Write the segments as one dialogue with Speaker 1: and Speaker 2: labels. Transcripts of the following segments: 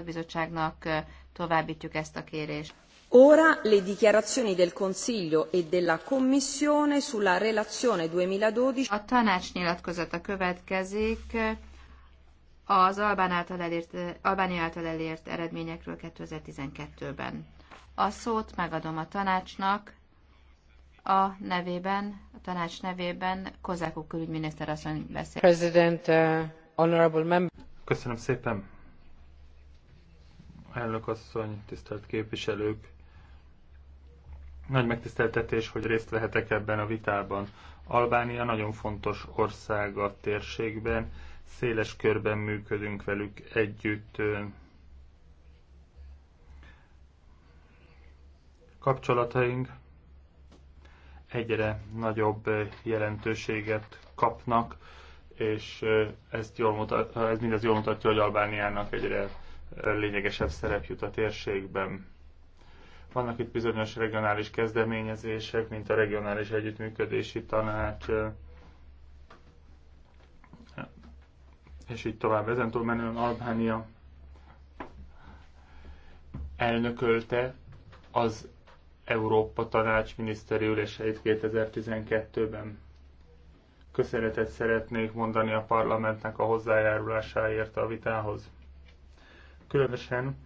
Speaker 1: szakbizottságnak továbbítjuk ezt a kérést. Ora le dichiarazioni del Consiglio e della Commissione sulla relazione 2012. A tanács nyilatkozata következik az Albán által elért, Albánia által elért eredményekről 2012-ben. A szót megadom a tanácsnak, a nevében, a tanács nevében Kozákó külügyminiszter asszony beszél. President, uh, honorable member.
Speaker 2: Köszönöm szépen, elnök asszony, tisztelt képviselők! Nagy megtiszteltetés, hogy részt vehetek ebben a vitában. Albánia nagyon fontos ország a térségben, széles körben működünk velük együtt. Kapcsolataink egyre nagyobb jelentőséget kapnak, és ezt jól mutat, ez mindez jól mutatja, hogy Albániának egyre lényegesebb szerep jut a térségben. Vannak itt bizonyos regionális kezdeményezések, mint a regionális együttműködési tanács, és így tovább. Ezen túl menően Albánia elnökölte az Európa Tanács miniszteri üléseit 2012-ben. Köszönetet szeretnék mondani a parlamentnek a hozzájárulásáért a vitához különösen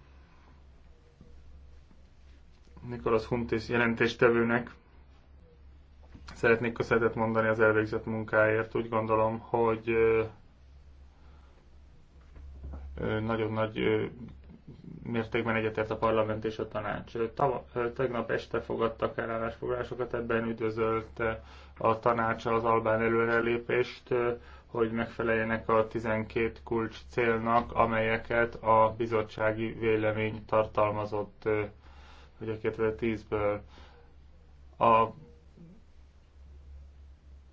Speaker 2: Nikolas Huntis jelentéstevőnek szeretnék köszönetet mondani az elvégzett munkáért. Úgy gondolom, hogy nagyon nagy mértékben egyetért a parlament és a tanács. tegnap este fogadtak el állásfoglalásokat, ebben üdvözölte a tanács az albán előrelépést, hogy megfeleljenek a 12 kulcs célnak, amelyeket a bizottsági vélemény tartalmazott ugye 2010-ből. A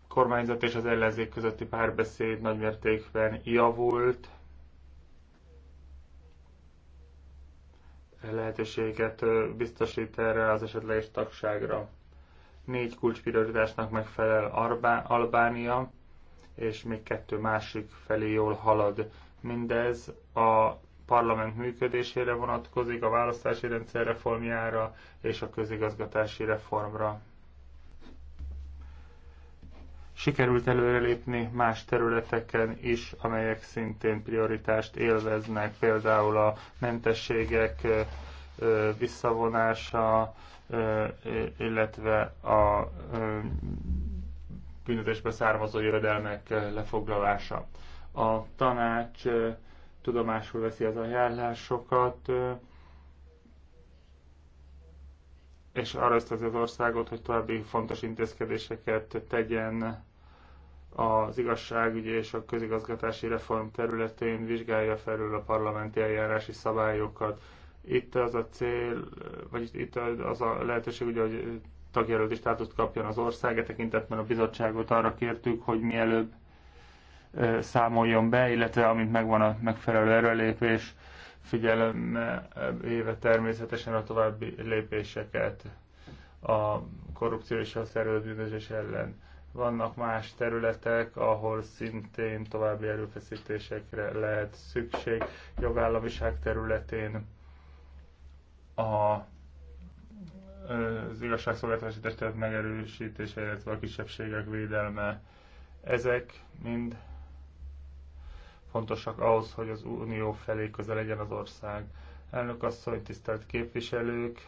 Speaker 2: kormányzat és az ellenzék közötti párbeszéd nagymértékben javult, lehetőséget biztosít erre az esetleges tagságra. Négy kulcsprioritásnak megfelel Arbá- Albánia, és még kettő másik felé jól halad. Mindez a parlament működésére vonatkozik, a választási rendszer reformjára és a közigazgatási reformra. Sikerült előrelépni más területeken is, amelyek szintén prioritást élveznek, például a mentességek visszavonása, illetve a bűnözésbe származó jövedelmek eh, lefoglalása. A tanács eh, tudomásul veszi az ajánlásokat, eh, és arra ösztönzi az országot, hogy további fontos intézkedéseket tegyen az igazságügyi és a közigazgatási reform területén, vizsgálja felül a parlamenti eljárási szabályokat. Itt az a cél, vagy itt az a lehetőség, ugye, hogy tagjelölti státuszt kapjon az ország, e tekintetben a bizottságot arra kértük, hogy mielőbb számoljon be, illetve amint megvan a megfelelő erőlépés, figyelme éve természetesen a további lépéseket a korrupció és a szervezetbűnözés ellen. Vannak más területek, ahol szintén további erőfeszítésekre lehet szükség, jogállamiság területén a az igazságszolgáltatási testület megerősítése, illetve a kisebbségek védelme, ezek mind fontosak ahhoz, hogy az Unió felé közel legyen az ország. Elnök asszony, tisztelt képviselők!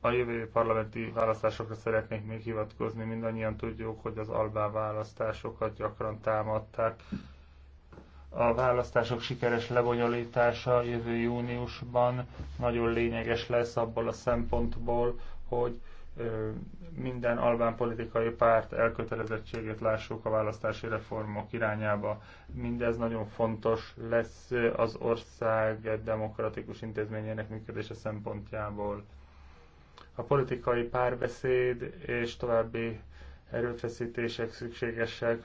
Speaker 2: A jövő parlamenti választásokra szeretnék még hivatkozni. Mindannyian tudjuk, hogy az albán választásokat gyakran támadták a választások sikeres lebonyolítása jövő júniusban nagyon lényeges lesz abból a szempontból, hogy minden albán politikai párt elkötelezettségét lássuk a választási reformok irányába. Mindez nagyon fontos lesz az ország demokratikus intézményének működése szempontjából. A politikai párbeszéd és további erőfeszítések szükségesek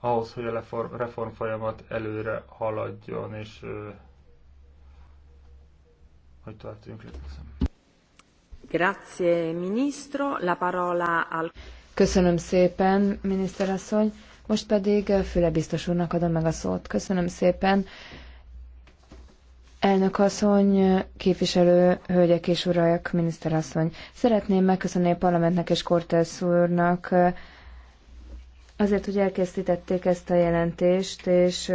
Speaker 2: ahhoz, hogy a reform folyamat előre haladjon, és hogy tartjunk létezem.
Speaker 3: Grazie, ministro. La parola al... Köszönöm szépen, miniszterasszony. Most pedig Füle biztos úrnak adom meg a szót. Köszönöm szépen. Elnök asszony, képviselő, hölgyek és urak, miniszterasszony. Szeretném megköszönni a parlamentnek és Cortez úrnak azért, hogy elkészítették ezt a jelentést, és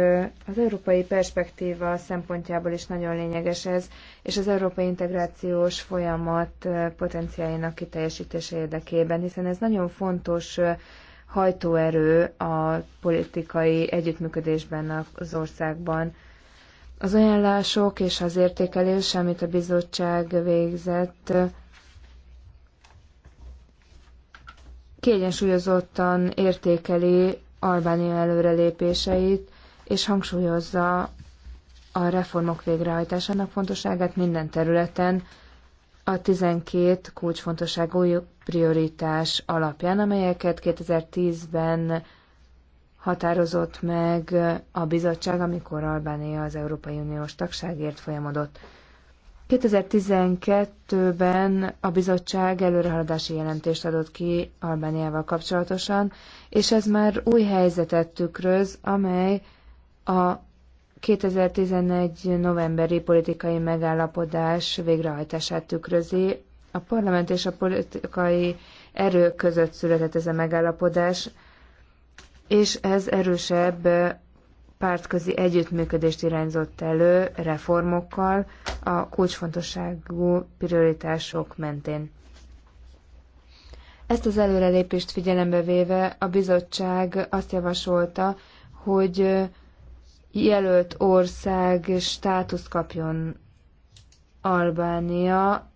Speaker 3: az európai perspektíva szempontjából is nagyon lényeges ez, és az európai integrációs folyamat potenciáljának kiteljesítése érdekében, hiszen ez nagyon fontos hajtóerő a politikai együttműködésben az országban. Az ajánlások és az értékelés, amit a bizottság végzett, kiegyensúlyozottan értékeli Albánia előrelépéseit, és hangsúlyozza a reformok végrehajtásának fontosságát minden területen a 12 kulcsfontosságú prioritás alapján, amelyeket 2010-ben határozott meg a bizottság, amikor Albánia az Európai Uniós tagságért folyamodott. 2012-ben a bizottság előrehaladási jelentést adott ki Albániával kapcsolatosan, és ez már új helyzetet tükröz, amely a 2011. novemberi politikai megállapodás végrehajtását tükrözi. A parlament és a politikai erők között született ez a megállapodás, és ez erősebb pártközi együttműködést irányzott elő reformokkal a kulcsfontosságú prioritások mentén. Ezt az előrelépést figyelembe véve a bizottság azt javasolta, hogy jelölt ország státusz kapjon Albánia,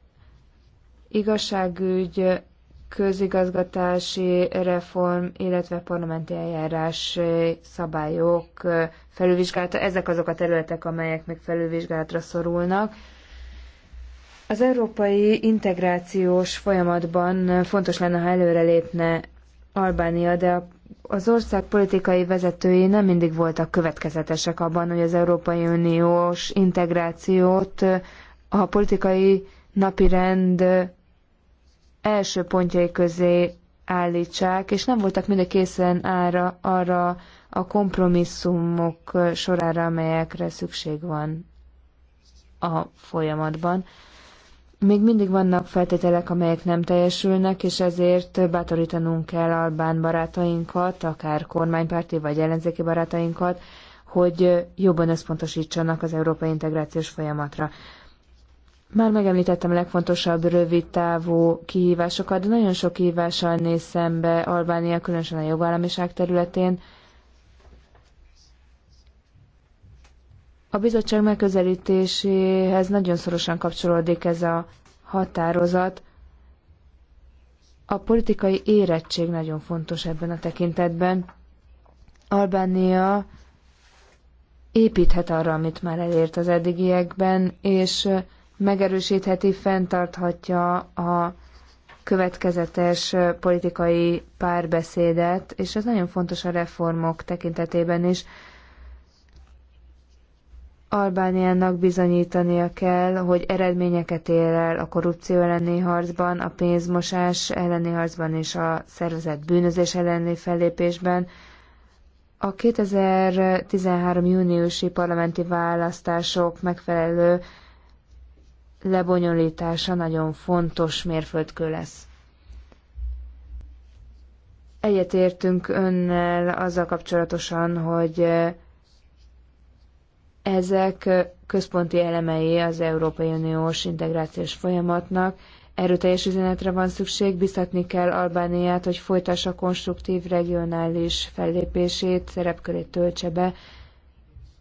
Speaker 3: igazságügy, közigazgatási reform, illetve parlamenti eljárás eh, szabályok eh, felülvizsgálata. Ezek azok a területek, amelyek még felülvizsgálatra szorulnak. Az európai integrációs folyamatban eh, fontos lenne, ha előrelépne Albánia, de az ország politikai vezetői nem mindig voltak következetesek abban, hogy az Európai Uniós integrációt a politikai napirend első pontjai közé állítsák, és nem voltak mindig készen ára, arra a kompromisszumok sorára, amelyekre szükség van a folyamatban. Még mindig vannak feltételek, amelyek nem teljesülnek, és ezért bátorítanunk kell albán barátainkat, akár kormánypárti vagy ellenzéki barátainkat, hogy jobban összpontosítsanak az európai integrációs folyamatra. Már megemlítettem a legfontosabb rövid távú kihívásokat, de nagyon sok kihívással néz szembe Albánia, különösen a jogállamiság területén. A bizottság megközelítéséhez nagyon szorosan kapcsolódik ez a határozat. A politikai érettség nagyon fontos ebben a tekintetben. Albánia építhet arra, amit már elért az eddigiekben, és megerősítheti, fenntarthatja a következetes politikai párbeszédet, és ez nagyon fontos a reformok tekintetében is. Albániának bizonyítania kell, hogy eredményeket ér el a korrupció elleni harcban, a pénzmosás elleni harcban és a szervezett bűnözés elleni fellépésben. A 2013. júniusi parlamenti választások megfelelő lebonyolítása nagyon fontos mérföldkő lesz. Egyetértünk önnel azzal kapcsolatosan, hogy ezek központi elemei az Európai Uniós integrációs folyamatnak. Erőteljes üzenetre van szükség, biztatni kell Albániát, hogy folytassa konstruktív regionális fellépését, szerepkörét töltse be,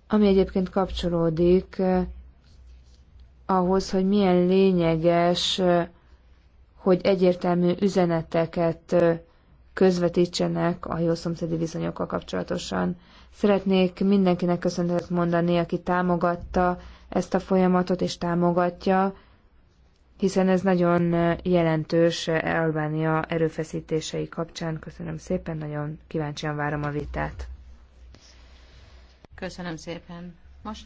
Speaker 3: ami egyébként kapcsolódik ahhoz, hogy milyen lényeges, hogy egyértelmű üzeneteket közvetítsenek a jó szomszédi viszonyokkal kapcsolatosan. Szeretnék mindenkinek köszönetet mondani, aki támogatta ezt a folyamatot és támogatja, hiszen ez nagyon jelentős Albánia erőfeszítései kapcsán. Köszönöm szépen, nagyon kíváncsian várom a vitát.
Speaker 1: Köszönöm szépen. Most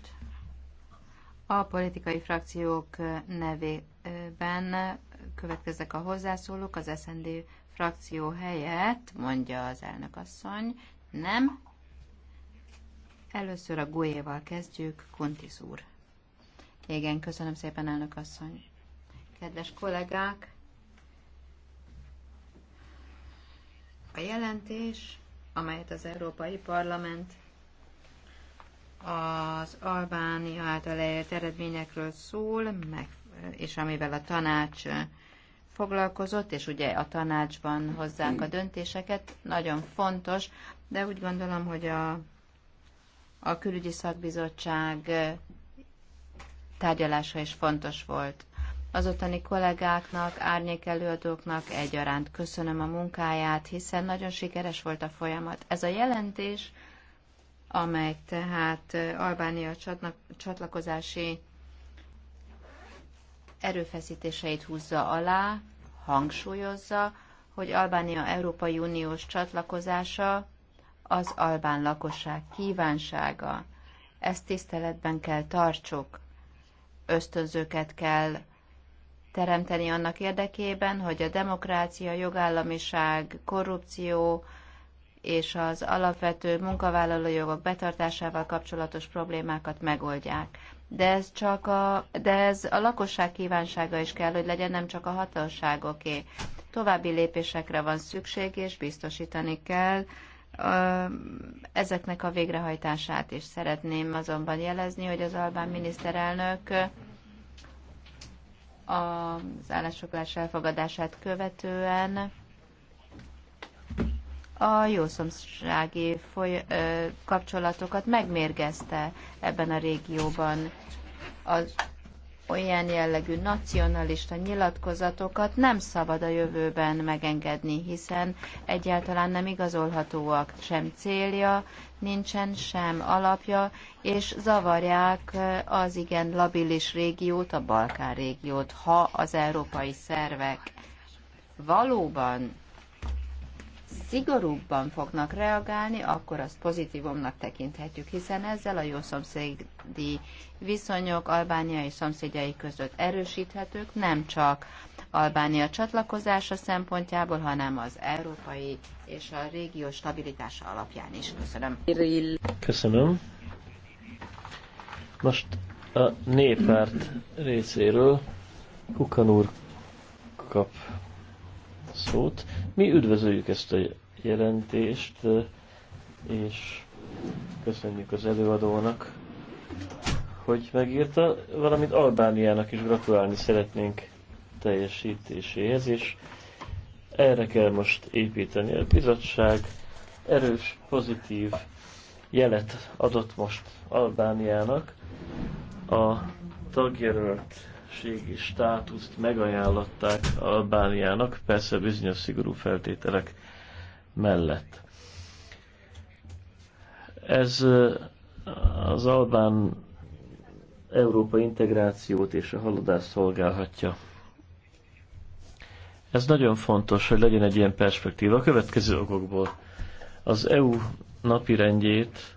Speaker 1: a politikai frakciók nevében következnek a hozzászólók az SND frakció helyett, mondja az elnök asszony, Nem. Először a Guéval kezdjük, Kuntis úr. Igen, köszönöm szépen, elnök asszony. Kedves kollégák, a jelentés, amelyet az Európai Parlament az albáni által elért eredményekről szól, meg, és amivel a tanács foglalkozott, és ugye a tanácsban hozzák a döntéseket, nagyon fontos, de úgy gondolom, hogy a, a külügyi szakbizottság tárgyalása is fontos volt. Az ottani kollégáknak, árnyékelőadóknak egyaránt köszönöm a munkáját, hiszen nagyon sikeres volt a folyamat. Ez a jelentés amely tehát eh, Albánia csatlakozási erőfeszítéseit húzza alá, hangsúlyozza, hogy Albánia Európai Uniós csatlakozása az albán lakosság kívánsága. Ezt tiszteletben kell tartsuk. Ösztönzőket kell teremteni annak érdekében, hogy a demokrácia, jogállamiság, korrupció, és az alapvető munkavállalói jogok betartásával kapcsolatos problémákat megoldják. De ez, csak a, de ez a lakosság kívánsága is kell, hogy legyen, nem csak a hatóságoké. További lépésekre van szükség, és biztosítani kell ezeknek a végrehajtását is. Szeretném azonban jelezni, hogy az albán miniszterelnök az állásoklás elfogadását követően a jószomsági foly- kapcsolatokat megmérgezte ebben a régióban. Az olyan jellegű nacionalista nyilatkozatokat nem szabad a jövőben megengedni, hiszen egyáltalán nem igazolhatóak, sem célja nincsen, sem alapja, és zavarják az igen labilis régiót, a Balkán régiót, ha az európai szervek valóban szigorúbban fognak reagálni, akkor azt pozitívumnak tekinthetjük, hiszen ezzel a jó szomszédi viszonyok albániai szomszédjai között erősíthetők, nem csak Albánia csatlakozása szempontjából, hanem az európai és a régió stabilitása alapján is. Köszönöm.
Speaker 4: Köszönöm. Most a népárt részéről Kukan úr kap szót. Mi üdvözöljük ezt a jelentést, és köszönjük az előadónak, hogy megírta, valamint Albániának is gratulálni szeretnénk teljesítéséhez, és erre kell most építeni. A bizottság erős, pozitív jelet adott most Albániának a tagjelölt örökségi státuszt megajánlották Albániának, persze bizonyos szigorú feltételek mellett. Ez az albán európai integrációt és a haladást szolgálhatja. Ez nagyon fontos, hogy legyen egy ilyen perspektíva. A következő okokból az EU napirendjét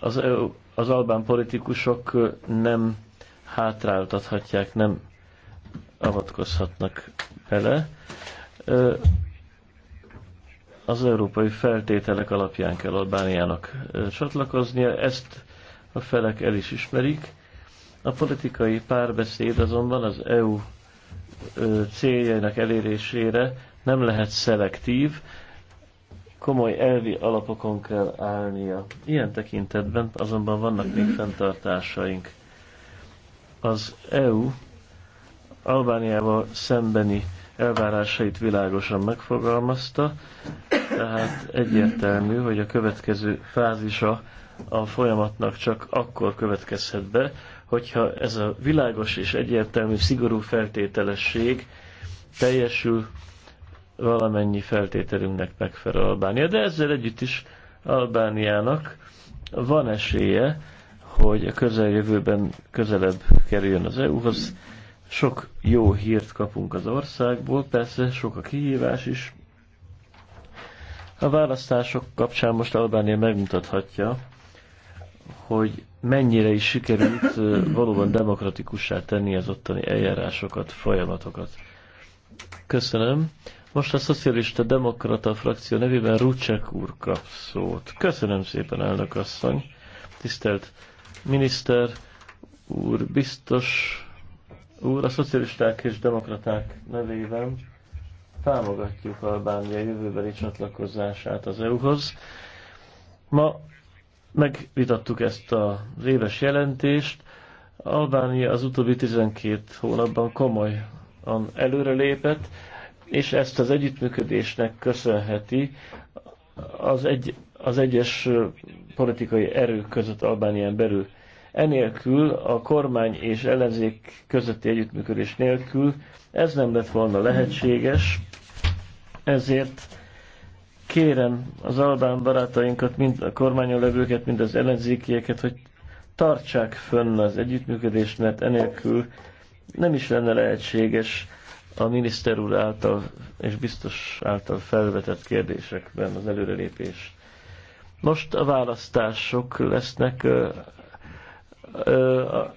Speaker 4: az, EU, az albán politikusok nem hátráltathatják, nem avatkozhatnak bele. Az európai feltételek alapján kell Albániának csatlakoznia, ezt a felek el is ismerik. A politikai párbeszéd azonban az EU céljainak elérésére nem lehet szelektív, komoly elvi alapokon kell állnia. Ilyen tekintetben azonban vannak még fenntartásaink az EU Albániával szembeni elvárásait világosan megfogalmazta, tehát egyértelmű, hogy a következő fázisa a folyamatnak csak akkor következhet be, hogyha ez a világos és egyértelmű, szigorú feltételesség teljesül valamennyi feltételünknek megfelel Albánia. De ezzel együtt is Albániának van esélye, hogy a közeljövőben közelebb kerüljön az EU-hoz. Sok jó hírt kapunk az országból, persze sok a kihívás is. A választások kapcsán most Albánia megmutathatja, hogy mennyire is sikerült valóban demokratikussá tenni az ottani eljárásokat, folyamatokat. Köszönöm. Most a szocialista demokrata frakció nevében Rucsek úr kap szót. Köszönöm szépen, elnök asszony. Tisztelt miniszter úr, biztos úr, a szocialisták és demokraták nevében támogatjuk Albánia jövőbeli csatlakozását az EU-hoz. Ma megvitattuk ezt a éves jelentést. Albánia az utóbbi 12 hónapban komolyan előrelépett, és ezt az együttműködésnek köszönheti az egy az egyes politikai erők között Albánián belül. Enélkül a kormány és ellenzék közötti együttműködés nélkül ez nem lett volna lehetséges, ezért kérem az albán barátainkat, mind a kormányon levőket, mind az ellenzékieket, hogy tartsák fönn az együttműködést, mert enélkül nem is lenne lehetséges a miniszter úr által és biztos által felvetett kérdésekben az előrelépés. Most a választások lesznek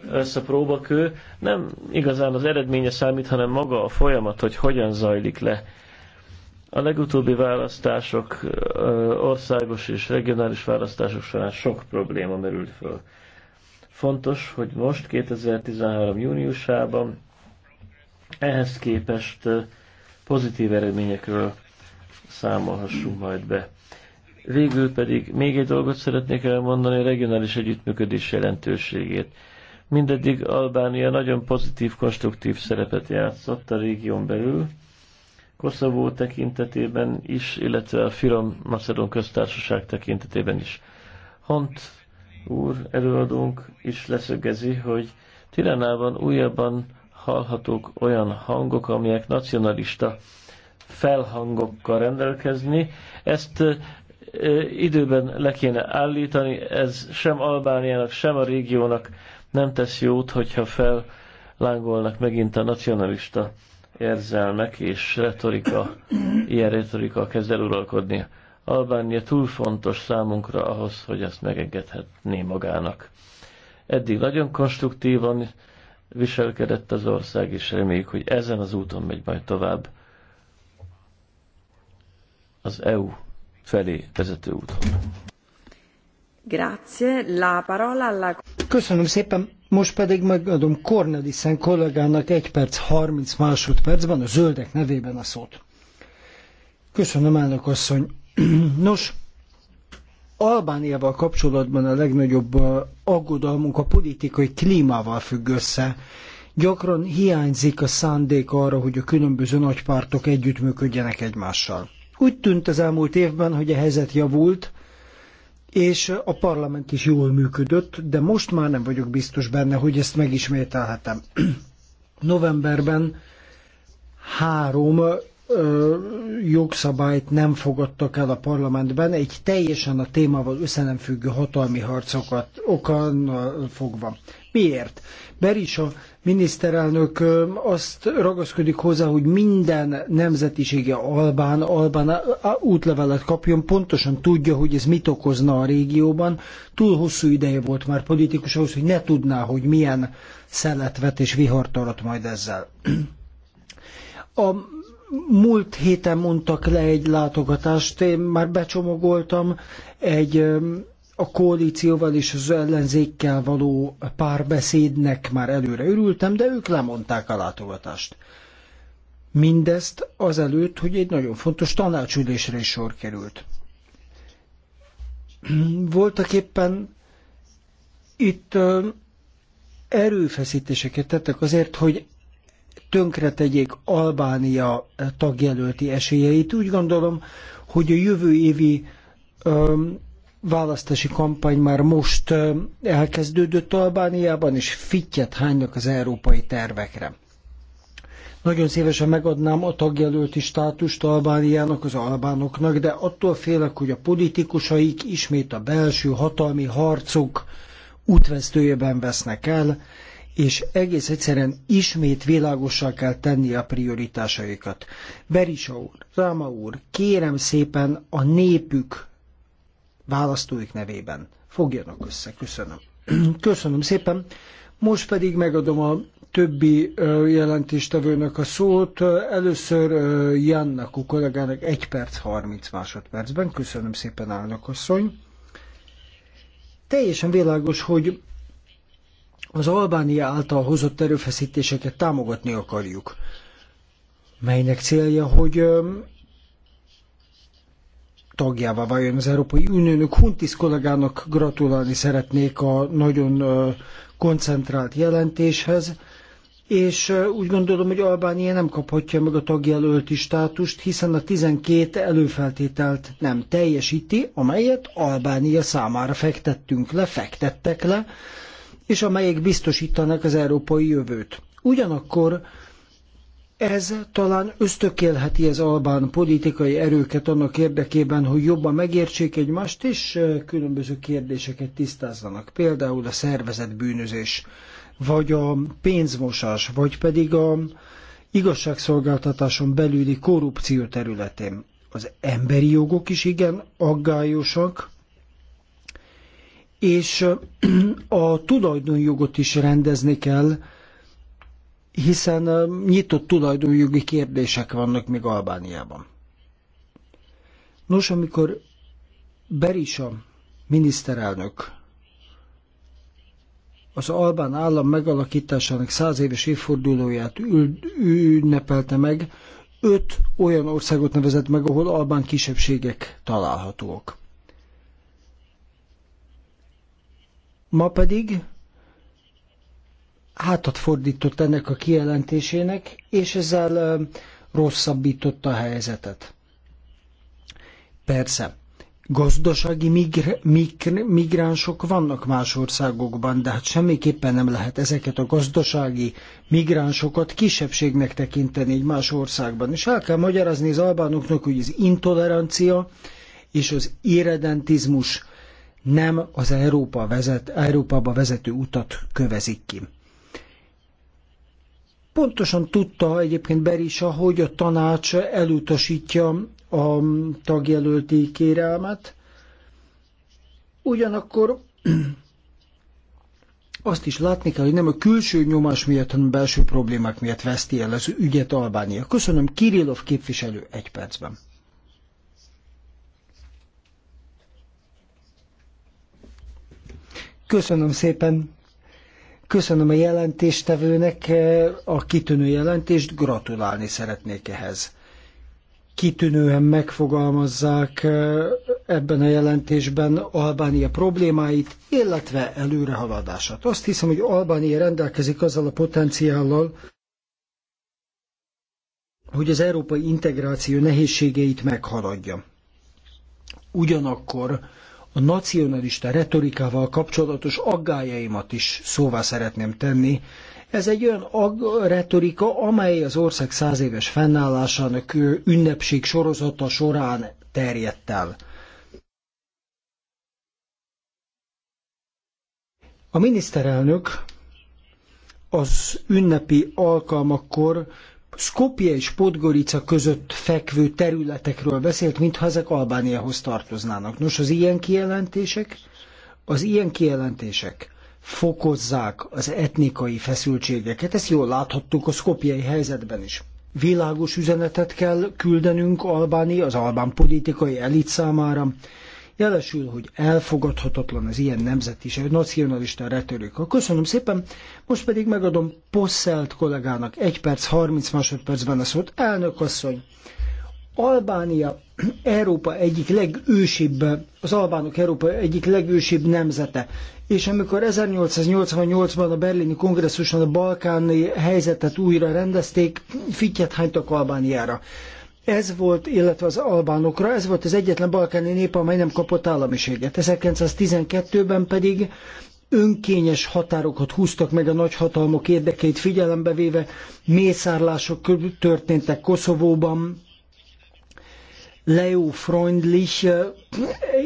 Speaker 4: lesz a próbakő. Nem igazán az eredménye számít, hanem maga a folyamat, hogy hogyan zajlik le. A legutóbbi választások, országos és regionális választások során sok probléma merült föl. Fontos, hogy most, 2013. júniusában ehhez képest pozitív eredményekről számolhassunk majd be. Végül pedig még egy dolgot szeretnék elmondani, a regionális együttműködés jelentőségét. Mindeddig Albánia nagyon pozitív, konstruktív szerepet játszott a régión belül, Koszovó tekintetében is, illetve a Firom Macedon köztársaság tekintetében is. Hont úr, előadónk is leszögezi, hogy Tiránában újabban hallhatók olyan hangok, amelyek nacionalista felhangokkal rendelkezni. Ezt időben le kéne állítani, ez sem Albániának, sem a régiónak nem tesz jót, hogyha fellángolnak megint a nacionalista érzelmek és retorika, ilyen retorika kezd el uralkodni. Albánia túl fontos számunkra ahhoz, hogy ezt megengedhetné magának. Eddig nagyon konstruktívan viselkedett az ország, és reméljük, hogy ezen az úton megy majd tovább az EU felé vezető úton.
Speaker 3: Grazie, la parola alla...
Speaker 5: Köszönöm szépen, most pedig megadom Cornelissen kollégának egy perc 30 másodpercben a zöldek nevében a szót. Köszönöm, elnök asszony. Nos, Albániával kapcsolatban a legnagyobb aggodalmunk a politikai klímával függ össze. Gyakran hiányzik a szándék arra, hogy a különböző nagypártok együttműködjenek egymással. Úgy tűnt az elmúlt évben, hogy a helyzet javult, és a parlament is jól működött, de most már nem vagyok biztos benne, hogy ezt megismételhetem. Novemberben három jogszabályt nem fogadtak el a parlamentben, egy teljesen a témával összenemfüggő hatalmi harcokat okan fogva. Miért? Berisa miniszterelnök azt ragaszkodik hozzá, hogy minden nemzetisége albán, albán útlevelet kapjon, pontosan tudja, hogy ez mit okozna a régióban. Túl hosszú ideje volt már politikus ahhoz, hogy ne tudná, hogy milyen szeletvet és vihart arat majd ezzel. A múlt héten mondtak le egy látogatást, én már becsomagoltam egy a koalícióval és az ellenzékkel való párbeszédnek már előre örültem, de ők lemondták a látogatást. Mindezt azelőtt, hogy egy nagyon fontos tanácsülésre is sor került. Voltak éppen itt erőfeszítéseket tettek azért, hogy tönkretegyék Albánia tagjelölti esélyeit. Úgy gondolom, hogy a jövő évi öm, választási kampány már most öm, elkezdődött Albániában, és fittyet hánynak az európai tervekre. Nagyon szívesen megadnám a tagjelölti státust Albániának, az albánoknak, de attól félek, hogy a politikusaik ismét a belső hatalmi harcok útvesztőjében vesznek el, és egész egyszerűen ismét világossá kell tenni a prioritásaikat. Berisa úr, Ráma úr, kérem szépen a népük választóik nevében. Fogjanak össze, köszönöm. Köszönöm szépen. Most pedig megadom a többi jelentéstevőnek a szót. Először Jannak, a kollégának 1 perc 30 másodpercben. Köszönöm szépen, állnak asszony. Teljesen világos, hogy az Albánia által hozott erőfeszítéseket támogatni akarjuk, melynek célja, hogy tagjává váljon az Európai Uniónak. Huntis kollégának gratulálni szeretnék a nagyon koncentrált jelentéshez, és úgy gondolom, hogy Albánia nem kaphatja meg a tagjelölti státust, hiszen a 12 előfeltételt nem teljesíti, amelyet Albánia számára fektettünk le, fektettek le, és amelyek biztosítanak az európai jövőt. Ugyanakkor ez talán ösztökélheti az albán politikai erőket annak érdekében, hogy jobban megértsék egymást, és különböző kérdéseket tisztázzanak. Például a szervezett bűnözés, vagy a pénzmosás, vagy pedig a igazságszolgáltatáson belüli korrupció területén. Az emberi jogok is igen aggályosak, és a tulajdonjogot is rendezni kell, hiszen nyitott tulajdonjogi kérdések vannak még Albániában. Nos, amikor Berisa miniszterelnök az Albán állam megalakításának száz éves évfordulóját ünnepelte meg, öt olyan országot nevezett meg, ahol albán kisebbségek találhatóak. Ma pedig hátat fordított ennek a kijelentésének, és ezzel rosszabbította a helyzetet. Persze, gazdasági migr- migr- migránsok vannak más országokban, de hát semmiképpen nem lehet ezeket a gazdasági migránsokat kisebbségnek tekinteni egy más országban. És el kell magyarázni az albánoknak, hogy az intolerancia és az irredentizmus nem az Európa vezet, Európába vezető utat kövezik ki. Pontosan tudta egyébként Berisa, hogy a tanács elutasítja a tagjelölti kérelmet, ugyanakkor azt is látni kell, hogy nem a külső nyomás miatt, hanem a belső problémák miatt veszti el az ügyet Albánia. Köszönöm, Kirillov képviselő egy percben. Köszönöm szépen. Köszönöm a jelentéstevőnek eh, a kitűnő jelentést, gratulálni szeretnék ehhez. Kitűnően megfogalmazzák eh, ebben a jelentésben Albánia problémáit, illetve előrehaladását. Azt hiszem, hogy Albánia rendelkezik azzal a potenciállal, hogy az európai integráció nehézségeit meghaladja. Ugyanakkor a nacionalista retorikával kapcsolatos aggájaimat is szóvá szeretném tenni. Ez egy olyan ag- retorika, amely az ország száz éves fennállásának ünnepség sorozata során terjedt el. A miniszterelnök az ünnepi alkalmakkor Skopje és Podgorica között fekvő területekről beszélt, mintha ezek Albániához tartoznának. Nos, az ilyen kijelentések, az ilyen kijelentések fokozzák az etnikai feszültségeket. Ezt jól láthattuk a szkopjai helyzetben is. Világos üzenetet kell küldenünk Albáni, az albán politikai elit számára, jelesül, hogy elfogadhatatlan az ilyen nemzeti és nacionalista retorika. Köszönöm szépen, most pedig megadom Posselt kollégának egy perc 30 másodpercben a szót. Elnök asszony, Albánia Európa egyik legősibb, az albánok Európa egyik legősibb nemzete. És amikor 1888-ban a berlini kongresszuson a balkáni helyzetet újra rendezték, fittyet hánytak Albániára. Ez volt, illetve az albánokra, ez volt az egyetlen balkáni nép, amely nem kapott államiséget. 1912-ben pedig önkényes határokat húztak meg a nagyhatalmak érdekeit figyelembe véve, mészárlások történtek Koszovóban, Leo Freundlich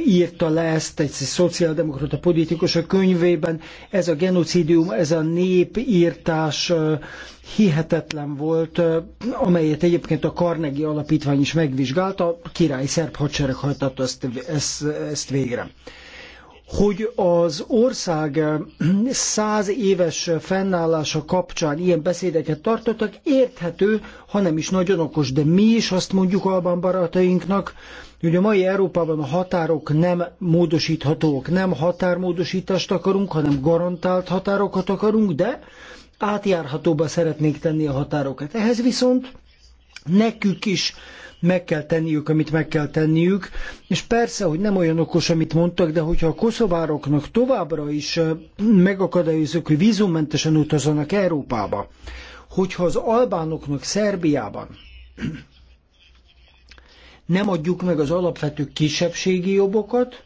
Speaker 5: írta le ezt egy szociáldemokrata politikus a könyvében. Ez a genocidium, ez a népírtás hihetetlen volt, amelyet egyébként a Carnegie Alapítvány is megvizsgálta, a király szerb hadsereg hajtatta ezt, ezt, ezt végre hogy az ország száz éves fennállása kapcsán ilyen beszédeket tartottak, érthető, hanem is nagyon okos, de mi is azt mondjuk Albán barátainknak, hogy a mai Európában a határok nem módosíthatók, nem határmódosítást akarunk, hanem garantált határokat akarunk, de átjárhatóba szeretnénk tenni a határokat. Ehhez viszont nekünk is meg kell tenniük, amit meg kell tenniük, és persze, hogy nem olyan okos, amit mondtak, de hogyha a koszovároknak továbbra is megakadályozzuk, hogy vízummentesen utazzanak Európába, hogyha az albánoknak Szerbiában nem adjuk meg az alapvető kisebbségi jogokat,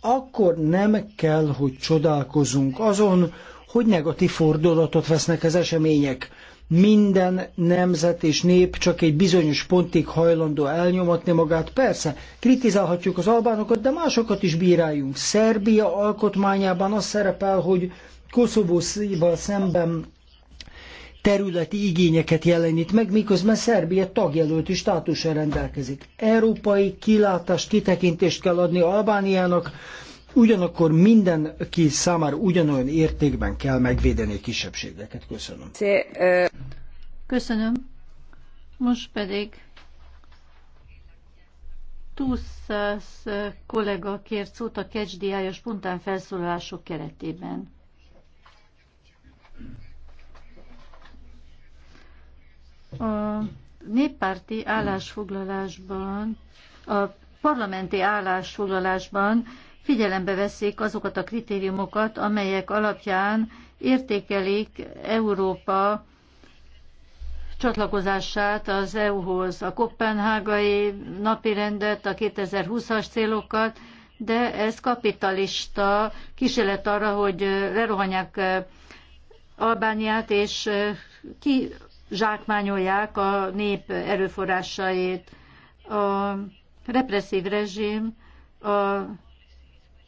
Speaker 5: akkor nem kell, hogy csodálkozunk azon, hogy negatív fordulatot vesznek az események. Minden nemzet és nép csak egy bizonyos pontig hajlandó elnyomatni magát. Persze, kritizálhatjuk az albánokat, de másokat is bíráljunk. Szerbia alkotmányában az szerepel, hogy Koszovóval szemben területi igényeket jelenít meg, miközben Szerbia tagjelölti státusra rendelkezik. Európai kilátást, kitekintést kell adni Albániának, ugyanakkor mindenki számára ugyanolyan értékben kell megvédeni a kisebbségeket. Köszönöm.
Speaker 6: Köszönöm. Most pedig 200 kollega kért szót a kecsdiájas spontán felszólalások keretében. A néppárti állásfoglalásban, a parlamenti állásfoglalásban figyelembe veszik azokat a kritériumokat, amelyek alapján értékelik Európa csatlakozását az EU-hoz, a kopenhágai napirendet, a 2020-as célokat, de ez kapitalista kísérlet arra, hogy lerohanják Albániát, és ki zsákmányolják a nép erőforrásait. A represszív rezsim a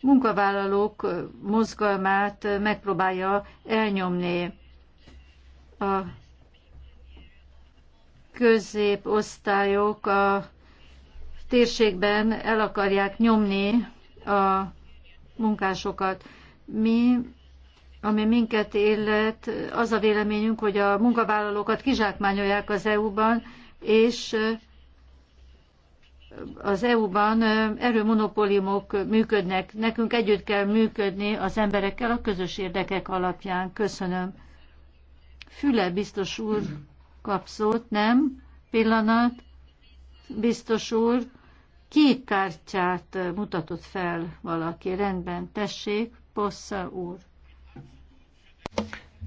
Speaker 6: munkavállalók mozgalmát megpróbálja elnyomni. A középosztályok a térségben el akarják nyomni a munkásokat. Mi ami minket illet, az a véleményünk, hogy a munkavállalókat kizsákmányolják az EU-ban, és az EU-ban erőmonopóliumok működnek. Nekünk együtt kell működni az emberekkel a közös érdekek alapján. Köszönöm. Füle biztos úr kap szót, nem? Pillanat. Biztos úr, kék kártyát mutatott fel valaki. Rendben, tessék, Possa úr.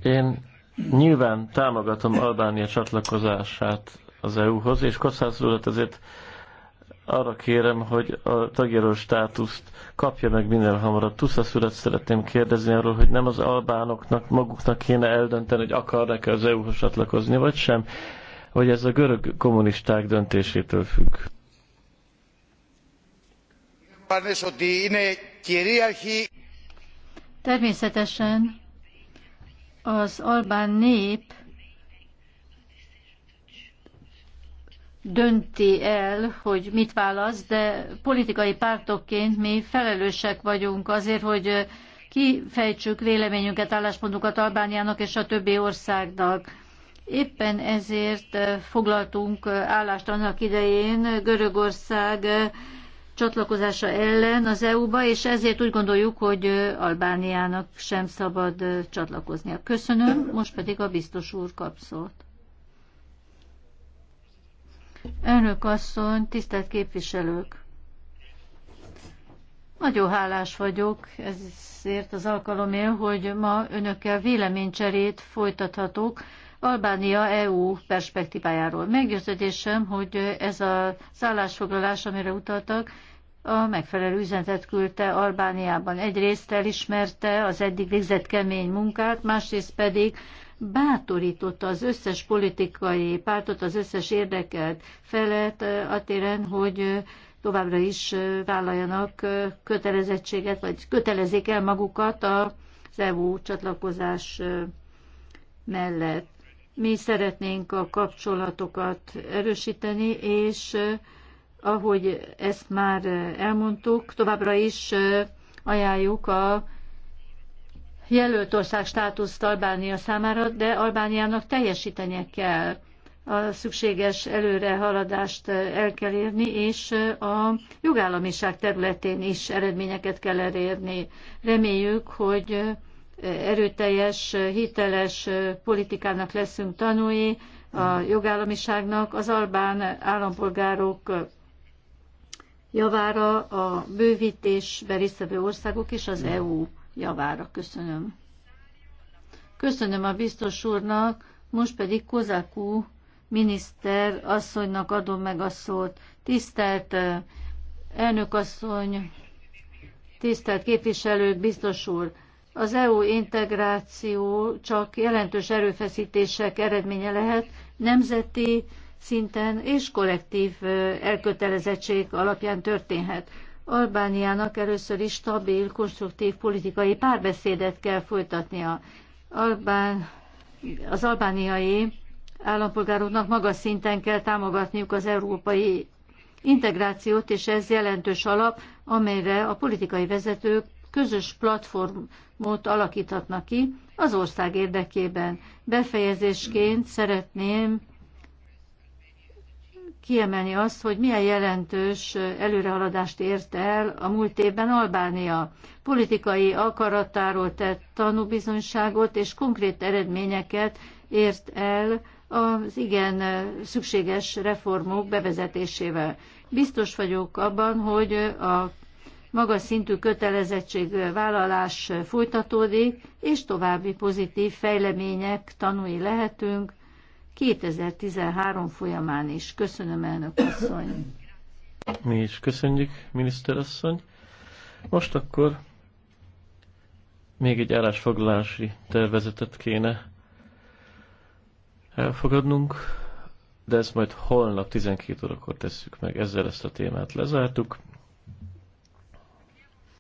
Speaker 4: Én nyilván támogatom Albánia csatlakozását az EU-hoz, és Kosszászlódat ezért arra kérem, hogy a tagjelölt státuszt kapja meg minél hamarabb. Tuszasz urat szeretném kérdezni arról, hogy nem az albánoknak maguknak kéne eldönteni, hogy akarnak-e az EU-hoz csatlakozni, vagy sem, vagy ez a görög kommunisták döntésétől függ.
Speaker 6: Természetesen az albán nép dönti el, hogy mit válasz, de politikai pártokként mi felelősek vagyunk azért, hogy kifejtsük véleményünket, álláspontunkat Albániának és a többi országnak. Éppen ezért foglaltunk állást annak idején Görögország csatlakozása ellen az EU-ba, és ezért úgy gondoljuk, hogy Albániának sem szabad csatlakoznia. Köszönöm, most pedig a biztos úr kap szót. Önök asszony, tisztelt képviselők! Nagyon hálás vagyok ezért az alkalomért, hogy ma önökkel véleménycserét folytathatok, Albánia EU perspektívájáról. Meggyőződésem, hogy ez a szállásfoglalás, amire utaltak, a megfelelő üzenetet küldte Albániában. Egyrészt elismerte az eddig végzett kemény munkát, másrészt pedig bátorította az összes politikai pártot, az összes érdekelt felett a téren, hogy továbbra is vállaljanak kötelezettséget, vagy kötelezik el magukat az EU csatlakozás mellett. Mi szeretnénk a kapcsolatokat erősíteni, és eh, ahogy ezt már eh, elmondtuk, továbbra is eh, ajánljuk a jelölt ország státuszt Albánia számára, de Albániának teljesítenie kell a szükséges előrehaladást el kell érni, és a jogállamiság területén is eredményeket kell elérni. Reméljük, hogy erőteljes, hiteles politikának leszünk tanúi, a jogállamiságnak, az albán állampolgárok javára, a bővítésbe résztvevő országok és az EU javára. Köszönöm. Köszönöm a biztos úrnak, most pedig Kozakú miniszter asszonynak adom meg a szót. Tisztelt eh, elnök asszony, tisztelt képviselők, biztos úr, az EU integráció csak jelentős erőfeszítések eredménye lehet nemzeti szinten és kollektív elkötelezettség alapján történhet. Albániának először is stabil, konstruktív politikai párbeszédet kell folytatnia. Albán, az albániai állampolgároknak magas szinten kell támogatniuk az európai integrációt, és ez jelentős alap, amelyre a politikai vezetők közös platformot alakíthatnak ki az ország érdekében. Befejezésként szeretném kiemelni azt, hogy milyen jelentős előrehaladást ért el a múlt évben Albánia. Politikai akaratáról tett tanúbizonyságot és konkrét eredményeket ért el az igen szükséges reformok bevezetésével. Biztos vagyok abban, hogy a magas szintű kötelezettségvállalás folytatódik, és további pozitív fejlemények tanúi lehetünk 2013 folyamán is. Köszönöm, elnök asszony!
Speaker 4: Mi is köszönjük, miniszterasszony. Most akkor még egy állásfoglalási tervezetet kéne elfogadnunk, de ezt majd holnap 12 órakor tesszük meg. Ezzel ezt a témát lezártuk.